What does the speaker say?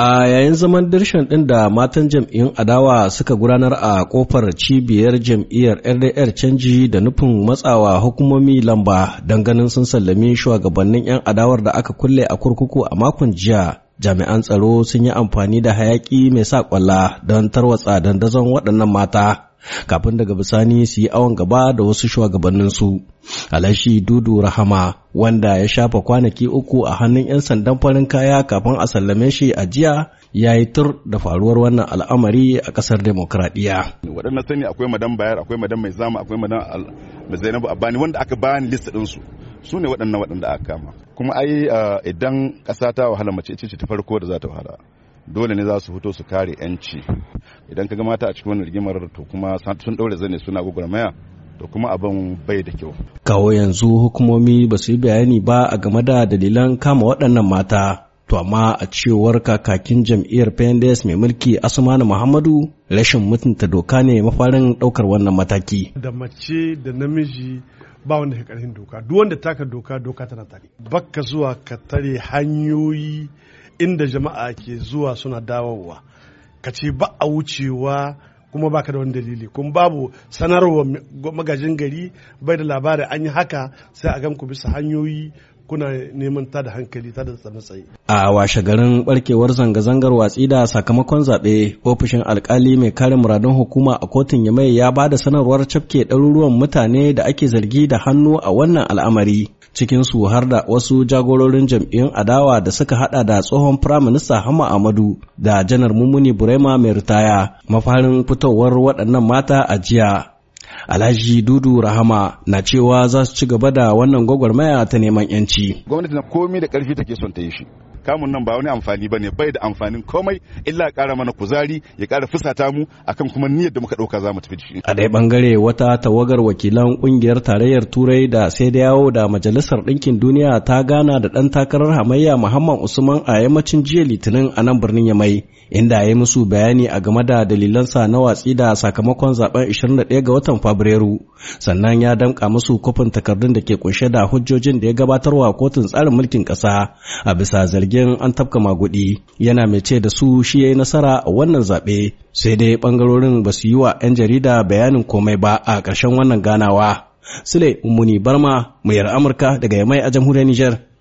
A yayin zaman dirshan ɗin da matan jam'iyyun adawa suka gudanar a kofar cibiyar jam'iyyar RDR canji da nufin matsawa hukumomi lamba ganin sun sallami shugabannin 'yan adawar da aka kulle a kurkuku a makon jiya. Jami'an tsaro sun yi amfani da hayaki mai sa kwalla don tarwatsa dandazon waɗannan mata. kafin daga bisani su yi awon gaba da wasu shugabanninsu alashi dudu rahama wanda ya shafa kwanaki uku a hannun 'yan sandan farin kaya kafin a sallame shi a jiya ya yi tur da faruwar wannan al'amari a kasar demokradiyya waɗannan sani akwai madan bayar akwai madan mai zama akwai madan zainabu abani wanda aka bani list ɗinsu su ne waɗannan waɗanda aka kama kuma ai ah, idan ƙasa ta wahala mace ce ta farko da za ta wahala dole ne za su fito su kare 'yanci idan ka gamata a cikin wani rigimar to kuma sun ɗaure zane suna maya to kuma abin bai da kyau. Kawo yanzu hukumomi ba su yi bayani ba a game da dalilan kama waɗannan mata. To amma a cewar kakakin jam'iyyar PNDS mai mulki Asumanu Muhammadu rashin mutunta doka ne mafarin ɗaukar wannan mataki. Da mace da namiji ba wanda ka ƙarfin doka, duk wanda taka doka doka tana tare. Bakka zuwa ka tare hanyoyi inda jama'a ke zuwa suna dawowa ka ce ba a wucewa kuma baka da wani dalili kuma babu sanarwa magajin gari bai da labari an yi haka sai a gan ku bisa hanyoyi kuna neman ta da hankali ta da tsaye. A washe garin barkewar zanga-zangar watsi da sakamakon zaɓe, ofishin alkali mai kare muradun hukuma a kotun Yamai ya ba da sanarwar cafke ɗaruruwan mutane da ake zargi da hannu a wannan al'amari. Cikin su har da wasu jagororin jam'iyyun adawa da suka hada da tsohon firaminista Hama Amadu da janar Mummuni Burema mai ritaya mafarin fitowar waɗannan mata a jiya. Alhaji Dudu Rahama na cewa za su ci gaba da wannan gwagwarmaya ta neman 'yanci. Gwamnati na komi da ƙarfi take son ta yi shi. kamun nan ba wani amfani bane bai da amfanin komai illa kara mana kuzari ya kara fusata mu akan kuma niyyar da muka ɗauka za mu tafi shi. A dai bangare wata tawagar wakilan kungiyar tarayyar Turai da sai da yawo da Majalisar Ɗinkin Duniya ta gana da ɗan takarar hamayya Muhammad Usman a yammacin jiya Litinin a nan birnin Yamai inda ya yi musu bayani a game da dalilansa na watsi da sakamakon zaben 21 ga watan Fabrairu sannan ya damƙa musu kofin takardun da ke kunshe da hujjojin da ya gabatarwa kotun tsarin mulkin ƙasa a bisa zargi zargin an tafka magudi yana mai ce da su shi ya yi nasara a wannan zaɓe sai dai ɓangarorin ba su yi wa 'yan jarida bayanin komai ba a ƙarshen wannan ganawa. Sule Umuni Barma, muyar Amurka daga Yamai a jamhuriyar Nijar.